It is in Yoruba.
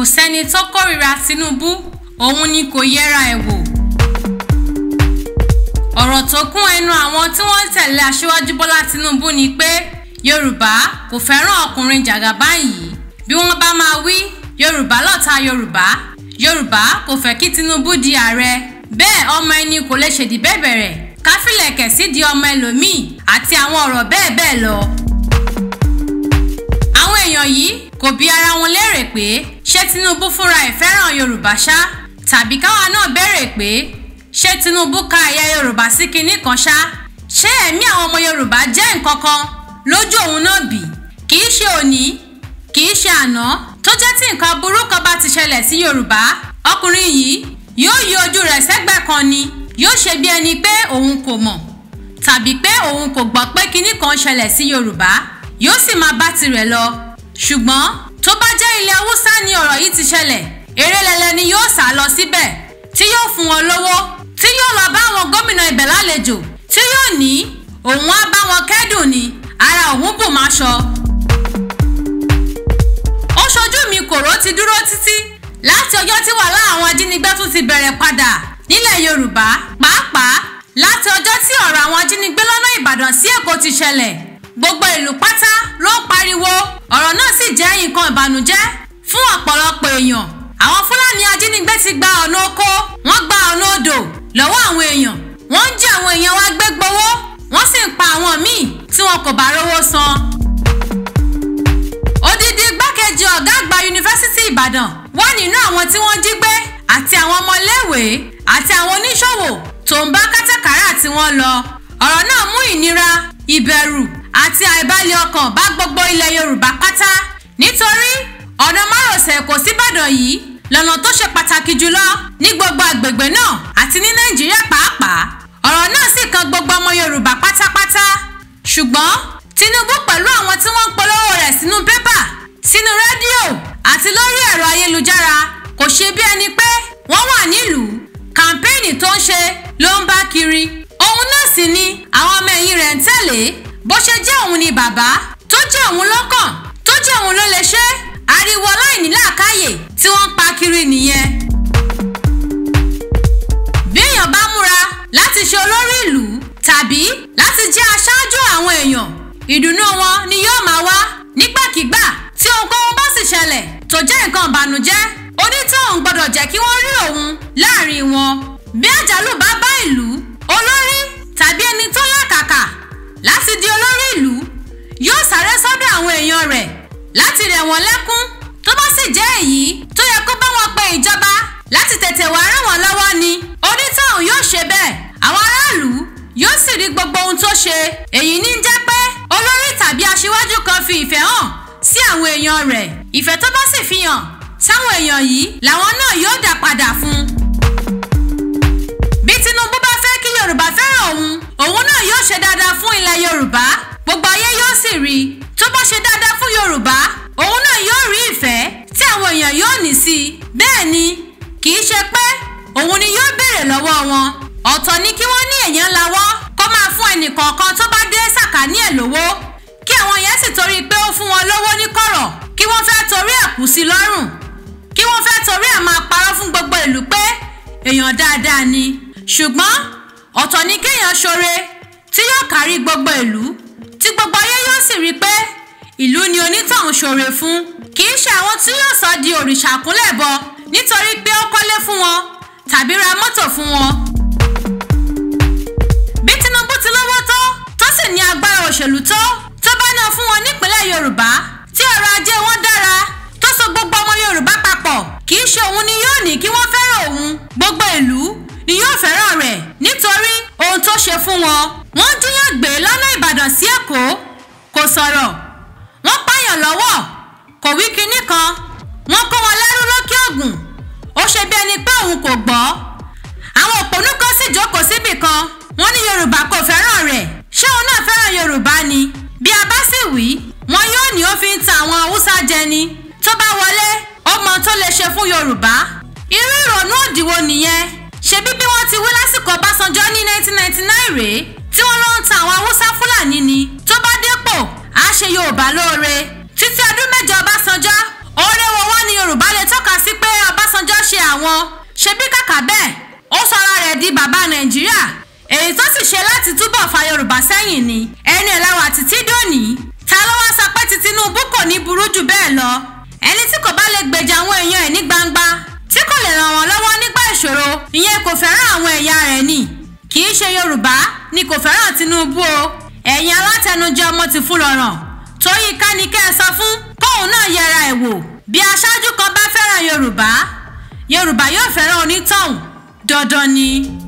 kò sẹ́ni tó kórìíra Tinubu òun ni kò yẹra ẹ̀ wò ọ̀rọ̀ tó kún ẹnu àwọn tí wọ́n tẹ̀lé aṣíwájú Bọ́lá Tinubu ni pé Yorùbá kò fẹ́ràn ọkùnrin jàgàbá yìí bí wọ́n bá máa wí Yorùbá lọ́ta Yorùbá Yorùbá kò fẹ́ kí Tinubu di ààrẹ bẹ́ẹ̀ ọmọ ẹni kò lè ṣèdí bẹ̀rẹ̀ káfílẹ̀kẹ̀ sí di ọmọ ẹlòmíì àti àwọn ọ̀rọ̀ bẹ́ẹ̀ bẹ́ẹ̀ lọ. àwọn èèyàn yìí kò bi ara wọn léèrè pé ṣé Tinubu fúnra ẹ̀ fẹ́ràn Yorùbá ṣá tàbí káwa náà béèrè pé ṣé Tinubu ka ẹ̀yà Yorùbá sí kinní kan ṣá ṣé ẹ̀mí àwọn ọmọ Yorùbá jẹ́ nǹkan kan lójú òun náà bì kì í ṣe òní kì í ṣe àná tó jẹ́ tí nǹkan burúkú bá ti ṣẹlẹ̀ sí Yorùbá ọkùnrin yìí yóò yí ojú rẹ̀ sẹ́gbẹ́ kan ni yóò ṣe bí ẹni pé òun kò mọ̀ tàbí pé òun kò gbọ́ pé kinní kan ṣẹlẹ̀ sí Yorùbá yóò sì máa bá tirẹ̀ lọ ṣùgbọ́n tó bá jẹ́ ilẹ̀ haúsá ni ọ̀rọ̀ yìí ti ṣẹlẹ̀ Erélẹ̀lẹ̀ ni yóò sá lọ síbẹ̀ tí yóò fún wọn lówó tí yóò lọ bá àwọn gómìnà ibẹ̀ lálejò tí yóò ní òun á bá wọn kẹ́dùn ni ara òun bù máa ṣọ. ó ṣojú mi kòró ti dúró títí láti ọjọ́ tí wàhálà àwọn ajínigbé tún ti bẹ̀rẹ̀ padà nílẹ̀ Yorùbá pàápàá láti ọjọ́ tí ọ̀rọ̀ àwọn ajínigbé lọ́nà Ìbàdàn sí Èkó ti ṣẹlẹ̀ gbogbo ìlú pátá ló ń pariwo ọ̀rọ̀ náà sì jẹ́ nǹkan ìbànújẹ́ fún ọ̀pọ̀lọpọ̀ èèyàn àwọn fúlàní ajínigbé ti gba ọ̀nà oko wọ́n gba ọ̀nà odò lọ́wọ́ àwọn èèyàn wọ́n ń jí àwọn èèyàn wa gbé gbowó wọ́n sì ń pa àwọn míì tí wọn kò bá rówó san. odidi igbákejì ọ̀gá àgbà yunifásítì ìbàdàn wà nínú àwọn tí wọ́n jí gbé àti àwọn ọmọléèwé àti àwọn oníṣòwò tó ń bá kátàkárà tí wọ́n lọ ọ̀rọ̀ náà mú ìnira ìbẹ̀rù àti àìbalẹ̀ ọkàn bá gbogbo ilẹ̀ Yorùbá pátá nítorí ọ̀nà márosẹ̀ Èkó síbàdàn yìí lọ́nà tó ṣe pàtàkì jùlọ ní gbogbo àgbègbè náà àti ní Nàìjíríà pàápàá ọ̀rọ̀ náà sì kan gbogbo ọmọ Yorùbá pátápátá ṣùgbọ́n Tinubu pẹ̀lú àwọn tí wọ́n ń polówó rẹ̀ sínú pépà sínú rédíò àti lórí ẹ̀rọ ayélujára kò ṣe bí ẹni pé wọ́n wà nílùú kàmpéènì tó ń ṣe ló ń bá kiri òun náà sì ni àwọn ọmọ ẹ̀yìn rẹ̀ ń tẹ̀lé bó ṣe jẹ́ òun ni bàbá tó jẹ́ òun lọ́kàn tó jẹ́ òun ló lè ṣe ariwo aláìnílàákàyè tí wọ́n ń pa kiri nìyẹn. bí èèyàn bá múra láti ṣe olórí ìlú tàbí láti jẹ́ aṣáájú àwọn èèyàn ìdùnnú wọn ni yóò máa wá nígbàkigbà tí ohunkóhun bá sì ṣẹlẹ̀ tó jẹ́ nǹkan ìbànújẹ́ onítọ̀hún gbọ́dọ̀ jẹ́ kí wọ́n rí òun láàrin wọn. bí àjálù bá bá ìlú olórí tàbí ẹni tó lákàkà láti di olórí ìlú yóò sáré sọ́dọ̀ àwọn èèyàn rẹ̀ láti rẹ̀ wọ́n lẹ́kún tó bá sì jẹ́ èyí tó yẹ kó bá wọn pe ìjọba láti tètè wá ràn wọ́n lọ́wọ́ ni onítọ̀hún yóò ṣe bẹ́ẹ̀ àwọn aráàlú yóò sì rí gbogbo ohun tó ṣe èyí ní jẹ́ pé olórí tàbí aṣíwájú kan fi ìfẹ́ hàn sí àwọn èèyàn rẹ̀ ìfẹ́ tó bá sì fi hàn sáwọn èèyàn yìí làwọn náà yóò dá yóò ṣe dáadáa fún ilẹ̀ Yorùbá gbogbo ayé yóò sì rí i tó bá ṣe dáadáa fún Yorùbá òun náà yóò rí ìfẹ́ tí àwọn èèyàn yóò ní sí i bẹ́ẹ̀ ni kì í ṣe pé òun ni yóò béèrè lọ́wọ́ wọn ọ̀tọ̀ ni kí wọ́n ní èèyàn lawọ́ kó máa fún ẹnìkọ̀ọ̀kan tó bá dé sàkání ẹ̀ lówó kí àwọn yẹn sì torí pé ó fún wọn lówó ní kọ̀rọ̀ kí wọ́n fẹ́ torí ẹ̀ kù sí lọ́rùn kí wọ́n fẹ́ torí ẹ̀ máa parọ́ fún gbogbo ìlú pé èèyàn dáadáa ni ṣùgbọ́n ọ̀tọ̀ ni kéèyàn ṣoore tí yóò kárí gbogbo ìlú tí gbogbo ayé yóò sì rí pé ìlú ni onítọ̀hún ṣoore fún kì í ṣe àwọn tí yóò sọ di òrìṣà kúnlẹ̀ bọ nítorí pé ó kọ́lé fún wọn tàbí ra mọ́tò fún wọn. bí Tinubu ti lówó tó tó sì ní agbára òṣèlú tó tó bá náà fún wọn nípínlẹ̀ Yorùbá tí ọrọ̀ ajé wọn dára tó so gbogbo ọmọ Yorùbá papọ̀ kì í ṣe òun ni yóò ní kí wọ́n fẹ́ràn òun gbogbo ìlú ni yóò fẹ́ràn rẹ̀ nítorí ohun tó ṣe fún wọn. wọ́n dúyàn gbé lọ́nà ìbàdàn sí èkó kò sọ̀rọ̀ wọ́n pààyàn lọ́wọ́ kò wí kinní kan wọ́n kó wọn lẹ́rú lókè ògùn ó ṣe bí ẹni pé òun kò gbọ́ àwọn òpònú kan sì jókòó síbì kan wọ́n ní yorùbá kò fẹ́ràn rẹ̀ ṣé òun náà fẹ́ràn yorùbá ni bí a bá sì wí wọn yóò ní ó fi ń ta àwọn haúsá jẹ ni tó bá wọlé ó mọ tó lè ṣe fún yorùbá irú ìrònú òdìwọ nìyẹn ṣebí bí wọ́n ti wí lásìkò Ọbásanjọ́ ní 1999 rèé tí wọ́n ló ń ta àwọn Haúsá Fúlàní ni tó bá dépò á ṣe Yorùbá lóore títí ọdún mẹ́jọ Ọbásanjọ́ oore wo wọ́n ní Yorùbá lè tọ́ka sí pé Ọbásanjọ́ ṣe àwọn ṣebí kàkà bẹ́ẹ̀ ó sọ ara rẹ̀ di bàbá Nàìjíríà èyí tó sì ṣe láti túbọ̀ fa Yorùbá sẹ́yìn ni ẹni ẹ̀láwà títí dòní ta ló wá sọ pé ti Tinubu kò ní burú jù bẹ́ẹ̀ lọ ẹni tí kò bá lè gbèjà àwọn èèyàn ẹ̀ ní gbangba tí kò lè ràn wọ́n lọ́wọ́ nígbà ìṣòro ìyẹn kò fẹ́ràn àwọn ẹ̀yà rẹ̀ ni kì í ṣe Yorùbá ni kò fẹ́ràn Tinubu o ẹ̀yin alátẹnujẹ ọmọ ti fún lọ́ràn Tóyínká ni kẹ́ ẹ sọ fún kóun náà yẹra ẹ̀ wò bí aṣáájú kan bá fẹ́ràn Yorùbá Yorùbá yóò fẹ́ràn onítọ̀hún dandan ni.